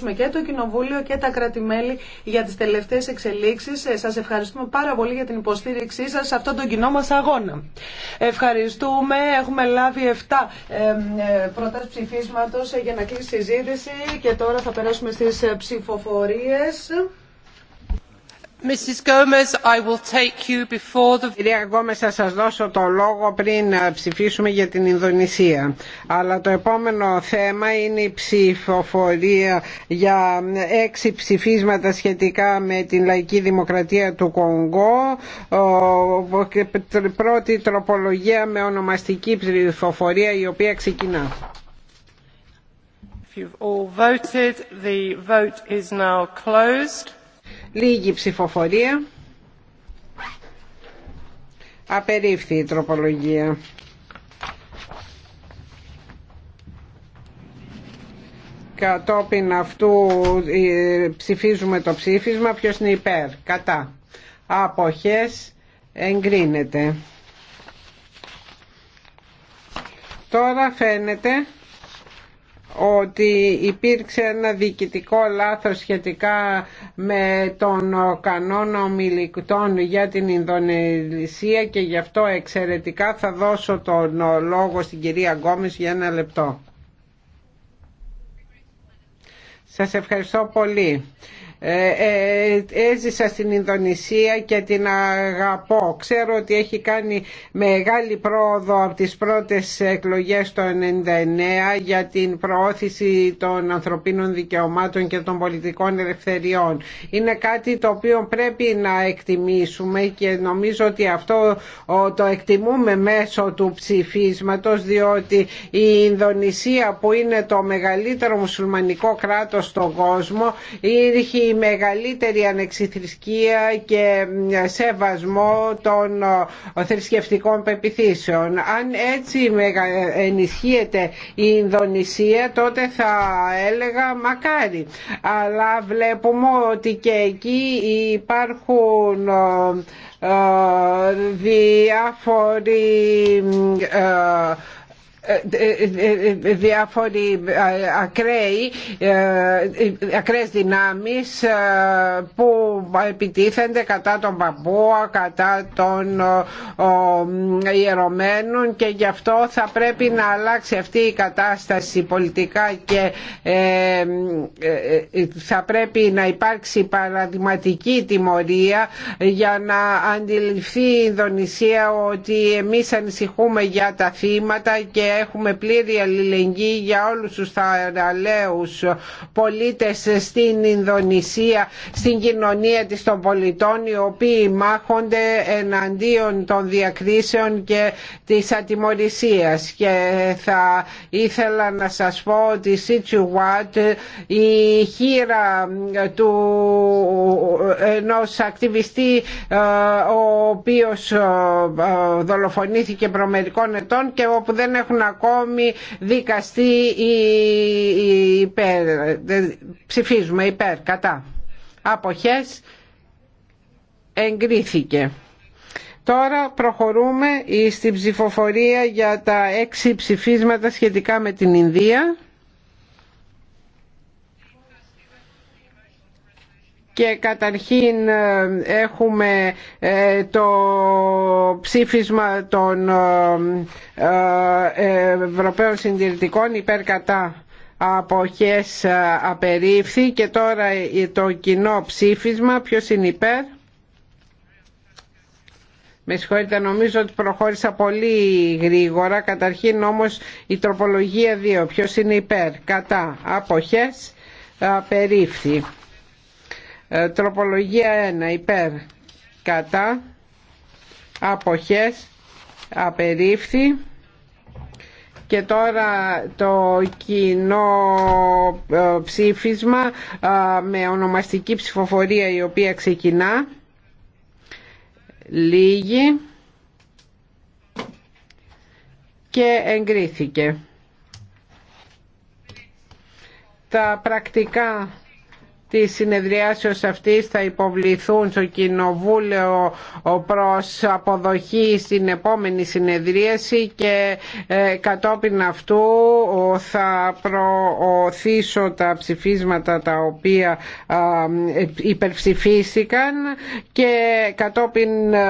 με και το Κοινοβούλιο και τα κρατη για τις τελευταίες εξελίξεις. Ε, σας ευχαριστούμε πάρα πολύ για την υποστήριξή σας σε αυτόν τον κοινό μας αγώνα. Ευχαριστούμε. Έχουμε λάβει 7 ε, προτάσεις ψηφίσματος ε, για να κλείσει η συζήτηση και τώρα θα περάσουμε στις ψηφοφορίες. Κυρία Γκόμες, θα σας δώσω το λόγο πριν ε, ψηφίσουμε για την Ινδονησία. Αλλά το επόμενο θέμα είναι η ψηφοφορία για ε, έξι ψηφίσματα σχετικά με την λαϊκή δημοκρατία του Κονγκό. Πρώτη τροπολογία με ονομαστική ψηφοφορία η οποία ξεκινά. voted, the vote is now closed. Λίγη ψηφοφορία. Απερίφθη η τροπολογία. Κατόπιν αυτού ε, ψηφίζουμε το ψήφισμα. Ποιος είναι υπέρ. Κατά. Αποχές εγκρίνεται. Τώρα φαίνεται ότι υπήρξε ένα διοικητικό λάθος σχετικά με τον κανόνα ομιλικτών για την Ινδονησία και γι' αυτό εξαιρετικά θα δώσω τον λόγο στην κυρία Γκόμες για ένα λεπτό. Σας ευχαριστώ πολύ. Ε, ε, έζησα στην Ινδονησία και την αγαπώ. Ξέρω ότι έχει κάνει μεγάλη πρόοδο από τις πρώτες εκλογές το 1999 για την προώθηση των ανθρωπίνων δικαιωμάτων και των πολιτικών ελευθεριών. Είναι κάτι το οποίο πρέπει να εκτιμήσουμε και νομίζω ότι αυτό το εκτιμούμε μέσω του ψηφίσματος διότι η Ινδονησία που είναι το μεγαλύτερο μουσουλμανικό κράτος στον κόσμο η μεγαλύτερη ανεξιθρησκεία και σεβασμό των θρησκευτικών πεπιθήσεων. Αν έτσι ενισχύεται η Ινδονησία τότε θα έλεγα μακάρι. Αλλά βλέπουμε ότι και εκεί υπάρχουν ε, ε, διάφοροι ε, διάφοροι ε, ακραίοι, ε, ακραίες δυνάμεις ε, που επιτίθενται κατά τον παππούα, κατά των ιερωμένων και γι' αυτό θα πρέπει να αλλάξει αυτή η κατάσταση πολιτικά και θα πρέπει να υπάρξει παραδειγματική τιμωρία για να αντιληφθεί η Ινδονησία ότι εμείς ανησυχούμε για τα θύματα και έχουμε πλήρη αλληλεγγύη για όλους τους θαραλέους πολίτες στην Ινδονησία, στην κοινωνία της των πολιτών οι οποίοι μάχονται εναντίον των διακρίσεων και της ατιμορρησίας και θα ήθελα να σας πω ότι η χείρα του ενός ακτιβιστή ε, ο οποίος ε, δολοφονήθηκε προμερικών ετών και όπου δεν έχουν ακόμη δικαστή ε, Ψηφίζουμε υπέρ, κατά. Αποχές εγκρίθηκε. Τώρα προχωρούμε στην ψηφοφορία για τα έξι ψηφίσματα σχετικά με την Ινδία. και καταρχήν ε, έχουμε ε, το ψήφισμα των ε, Ευρωπαίων Συντηρητικών υπέρ κατά αποχές απερίφθη και τώρα το κοινό ψήφισμα ποιος είναι υπέρ με συγχωρείτε, νομίζω ότι προχώρησα πολύ γρήγορα. Καταρχήν όμως η τροπολογία 2. Ποιος είναι υπέρ, κατά, αποχές, απερίφθη. Ε, τροπολογία 1 υπέρ κατά αποχές απερίφθη και τώρα το κοινό ε, ψήφισμα ε, με ονομαστική ψηφοφορία η οποία ξεκινά λίγη και εγκρίθηκε. Τα πρακτικά της συνεδριάσεως αυτής θα υποβληθούν στο Κοινοβούλιο προς αποδοχή στην επόμενη συνεδρίαση και ε, κατόπιν αυτού θα προωθήσω τα ψηφίσματα τα οποία ε, υπερψηφίστηκαν και κατόπιν ε,